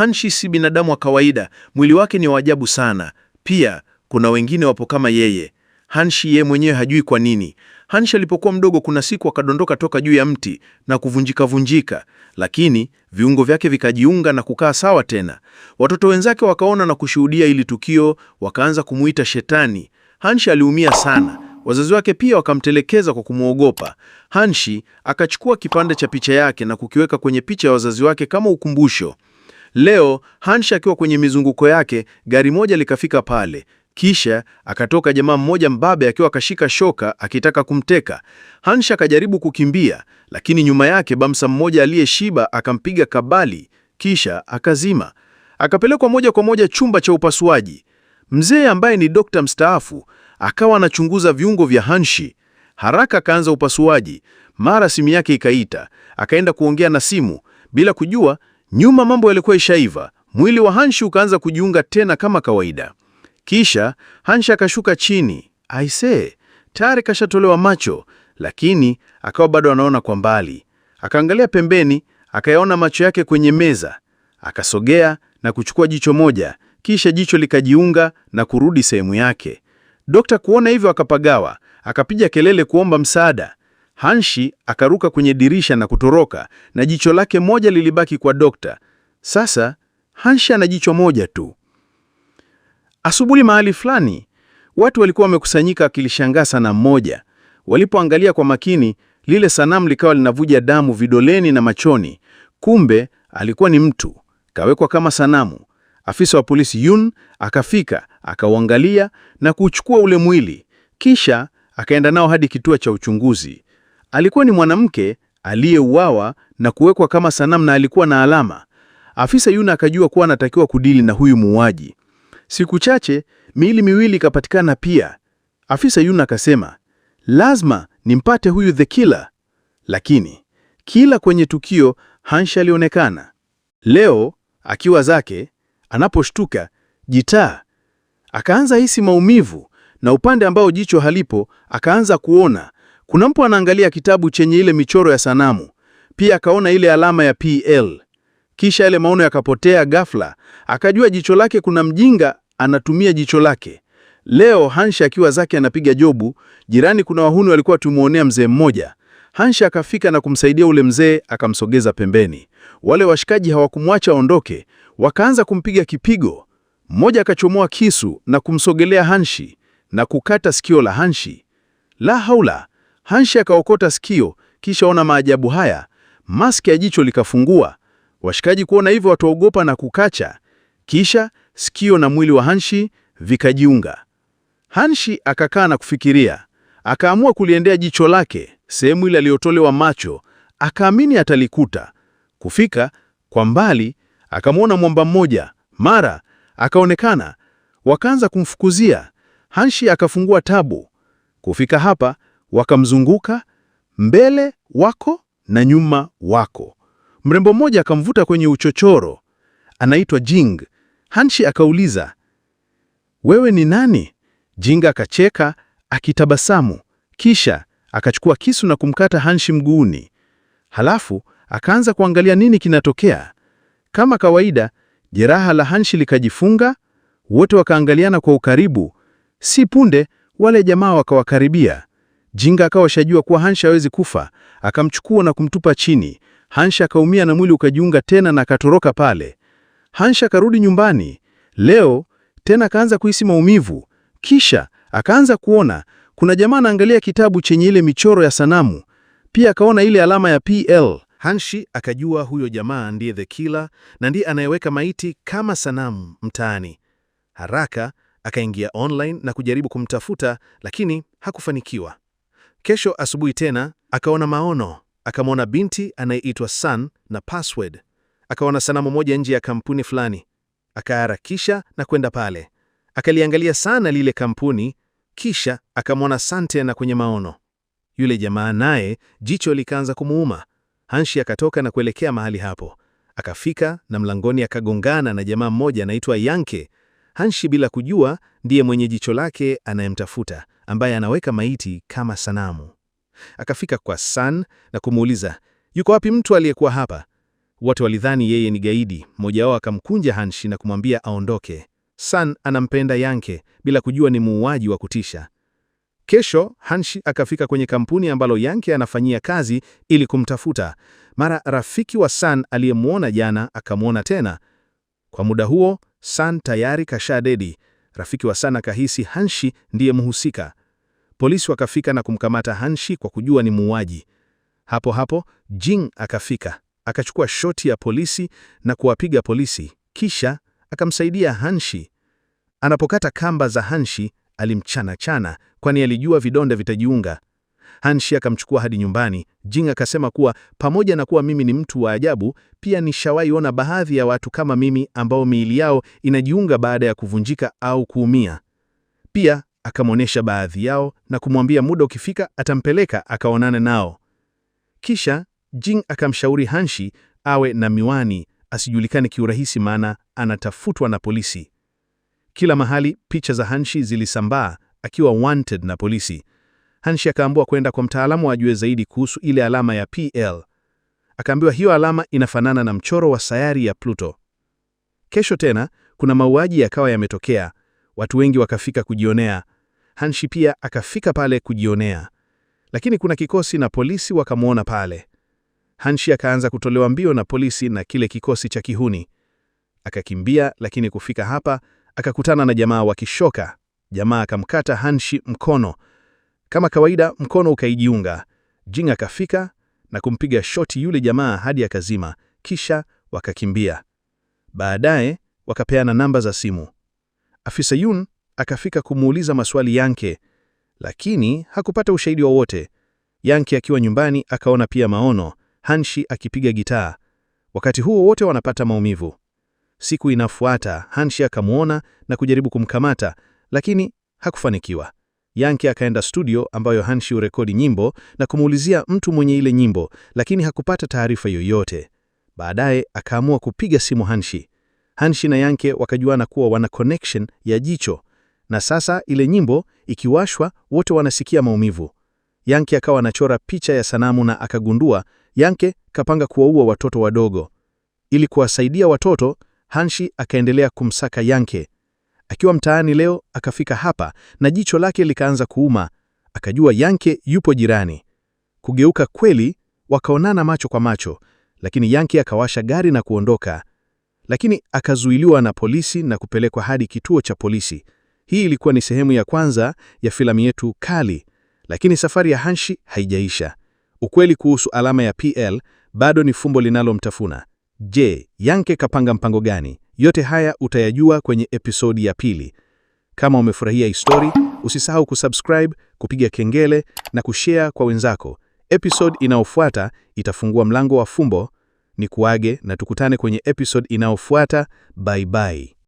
Hanshi si binadamu wa kawaida, mwili wake ni wa ajabu sana. Pia kuna wengine wapo kama yeye. Hanshi yeye mwenyewe hajui kwa nini. Hanshi alipokuwa mdogo, kuna siku akadondoka toka juu ya mti na kuvunjika vunjika, lakini viungo vyake vikajiunga na kukaa sawa tena. Watoto wenzake wakaona na kushuhudia hili tukio, wakaanza kumuita shetani. Hanshi aliumia sana. Wazazi wake pia wakamtelekeza kwa kumwogopa. Hanshi akachukua kipande cha picha yake na kukiweka kwenye picha ya wazazi wake kama ukumbusho. Leo Hansha akiwa kwenye mizunguko yake, gari moja likafika pale. Kisha akatoka jamaa mmoja mbabe akiwa akashika shoka akitaka kumteka Hansha. Akajaribu kukimbia, lakini nyuma yake Bamsa mmoja aliyeshiba akampiga kabali, kisha akazima. Akapelekwa moja kwa moja chumba cha upasuaji. Mzee ambaye ni dokta mstaafu akawa anachunguza viungo vya Hanshi. Haraka akaanza upasuaji. Mara simu yake ikaita, akaenda kuongea na simu bila kujua Nyuma mambo yalikuwa ishaiva, mwili wa Hanshi ukaanza kujiunga tena kama kawaida. Kisha Hanshi akashuka chini. Aisee, tayari kashatolewa macho, lakini akawa bado anaona kwa mbali. Akaangalia pembeni, akayaona macho yake kwenye meza. Akasogea na kuchukua jicho moja, kisha jicho likajiunga na kurudi sehemu yake. Dokta kuona hivyo akapagawa, akapiga kelele kuomba msaada. Hanshi akaruka kwenye dirisha na kutoroka na jicho lake moja lilibaki kwa dokta. Sasa Hanshi ana jicho moja tu. Asubuhi mahali fulani watu walikuwa wamekusanyika wakilishangaa sanamu moja. Walipoangalia kwa makini, lile sanamu likawa linavuja damu vidoleni na machoni. Kumbe alikuwa ni mtu kawekwa kama sanamu. Afisa wa polisi Yun akafika akauangalia na kuchukua ule mwili, kisha akaenda nao hadi kituo cha uchunguzi. Alikuwa ni mwanamke aliyeuawa na kuwekwa kama sanamu na alikuwa na alama. Afisa Yuna akajua kuwa anatakiwa kudili na huyu muuaji. Siku chache miili miwili ikapatikana pia. Afisa Yuna akasema lazima nimpate huyu the killer, lakini kila kwenye tukio Hansha alionekana. Leo akiwa zake, anaposhtuka jitaa akaanza hisi maumivu, na upande ambao jicho halipo akaanza kuona kuna mtu anaangalia kitabu chenye ile michoro ya sanamu, pia akaona ile alama ya PL. Kisha ile maono yakapotea ghafla, akajua jicho lake kuna mjinga anatumia jicho lake. Leo Hansha akiwa zake anapiga jobu, jirani kuna wahuni walikuwa tumuonea mzee mmoja. Hansha akafika na kumsaidia ule mzee, akamsogeza pembeni. Wale washikaji hawakumwacha aondoke, wakaanza kumpiga kipigo. Mmoja akachomoa kisu na kumsogelea Hanshi na kukata sikio la Hanshi. La haula! Hanshi akaokota sikio, kisha ona maajabu haya, maski ya jicho likafungua. Washikaji kuona hivyo wataogopa na kukacha, kisha sikio na mwili wa Hanshi vikajiunga. Hanshi akakaa na kufikiria, akaamua kuliendea jicho lake sehemu ile aliyotolewa macho, akaamini atalikuta. Kufika kwa mbali, akamwona mwamba mmoja, mara akaonekana, wakaanza kumfukuzia. Hanshi akafungua tabu. Kufika hapa wakamzunguka mbele wako na nyuma wako. Mrembo mmoja akamvuta kwenye uchochoro, anaitwa Jing. Hanshi akauliza, wewe ni nani? Jing akacheka akitabasamu, kisha akachukua kisu na kumkata Hanshi mguuni. Halafu akaanza kuangalia nini kinatokea. Kama kawaida, jeraha la Hanshi likajifunga. Wote wakaangaliana kwa ukaribu, si punde wale jamaa wakawakaribia. Jinga akawa shajua kuwa Hansha hawezi kufa, akamchukua na kumtupa chini. Hansha akaumia na mwili ukajiunga tena na akatoroka pale. Hansha akarudi nyumbani leo tena, akaanza kuhisi maumivu, kisha akaanza kuona kuna jamaa anaangalia kitabu chenye ile michoro ya sanamu, pia akaona ile alama ya PL. Hanshi akajua huyo jamaa ndiye the killer na ndiye anayeweka maiti kama sanamu mtaani. Haraka akaingia online na kujaribu kumtafuta, lakini hakufanikiwa. Kesho asubuhi tena akaona maono, akamwona binti anayeitwa Sun na password, akaona sanamu moja nje ya kampuni fulani, akaharakisha na kwenda pale, akaliangalia sana lile kampuni, kisha akamwona Sun tena kwenye maono. Yule jamaa naye jicho likaanza kumuuma. Hanshi akatoka na kuelekea mahali hapo, akafika na mlangoni akagongana na jamaa mmoja anaitwa Yanke. Hanshi bila kujua ndiye mwenye jicho lake anayemtafuta ambaye anaweka maiti kama sanamu. Akafika kwa San na kumuuliza, yuko wapi mtu aliyekuwa hapa? Wote walidhani yeye ni gaidi. Mmoja wao akamkunja hanshi na kumwambia aondoke. San anampenda Yanke bila kujua ni muuaji wa kutisha. Kesho Hanshi akafika kwenye kampuni ambalo Yanke anafanyia kazi ili kumtafuta. Mara rafiki wa San aliyemwona jana akamwona tena. Kwa muda huo San tayari kashadedi. Rafiki wa San akahisi Hanshi ndiye mhusika. Polisi wakafika na kumkamata Hanshi kwa kujua ni muuaji. Hapo hapo Jing akafika, akachukua shoti ya polisi na kuwapiga polisi, kisha akamsaidia Hanshi. Anapokata kamba za Hanshi alimchanachana, kwani alijua vidonda vitajiunga. Hanshi akamchukua hadi nyumbani. Jing akasema kuwa pamoja na kuwa mimi ni mtu wa ajabu, pia nishawaiona baadhi ya watu kama mimi ambao miili yao inajiunga baada ya kuvunjika au kuumia. Pia akamwonyesha baadhi yao na kumwambia muda ukifika atampeleka akaonane nao. Kisha Jing akamshauri Hanshi awe na miwani asijulikane kiurahisi, maana anatafutwa na polisi. Kila mahali picha za Hanshi zilisambaa akiwa wanted na polisi. Hanshi akaambiwa kwenda kwa mtaalamu ajue zaidi kuhusu ile alama ya PL. Akaambiwa hiyo alama inafanana na mchoro wa sayari ya Pluto. Kesho tena kuna mauaji yakawa yametokea. Watu wengi wakafika kujionea, Hanshi pia akafika pale kujionea, lakini kuna kikosi na polisi wakamwona pale. Hanshi akaanza kutolewa mbio na polisi na kile kikosi cha kihuni, akakimbia, lakini kufika hapa akakutana na jamaa wa Kishoka. Jamaa akamkata Hanshi mkono kama kawaida, mkono ukaijiunga. Jing akafika na kumpiga shoti yule jamaa hadi akazima, kisha wakakimbia. Baadaye wakapeana namba za simu. Afisa Yun akafika kumuuliza maswali Yanke, lakini hakupata ushahidi wowote. Yanke akiwa nyumbani akaona pia maono, Hanshi akipiga gitaa. Wakati huo wote wanapata maumivu. Siku inafuata Hanshi akamwona na kujaribu kumkamata, lakini hakufanikiwa. Yanke akaenda studio ambayo Hanshi hurekodi nyimbo na kumuulizia mtu mwenye ile nyimbo, lakini hakupata taarifa yoyote. Baadaye akaamua kupiga simu Hanshi. Hanshi na Yanke wakajuana kuwa wana connection ya jicho na sasa ile nyimbo ikiwashwa, wote wanasikia maumivu. Yanke akawa anachora picha ya sanamu na akagundua Yanke kapanga kuwaua watoto wadogo. Ili kuwasaidia watoto, Hanshi akaendelea kumsaka Yanke. Akiwa mtaani leo akafika hapa na jicho lake likaanza kuuma, akajua Yanke yupo jirani. Kugeuka kweli, wakaonana macho kwa macho, lakini Yanke akawasha gari na kuondoka, lakini akazuiliwa na polisi na kupelekwa hadi kituo cha polisi. Hii ilikuwa ni sehemu ya kwanza ya filamu yetu kali, lakini safari ya Hanshi haijaisha. Ukweli kuhusu alama ya PL bado ni fumbo linalomtafuna. Je, Yanke kapanga mpango gani? Yote haya utayajua kwenye episodi ya pili. Kama umefurahia histori, usisahau kusubscribe, kupiga kengele na kushare kwa wenzako. Episode inayofuata itafungua mlango wa fumbo. Ni kuage na tukutane kwenye episode inayofuata. Bye bye.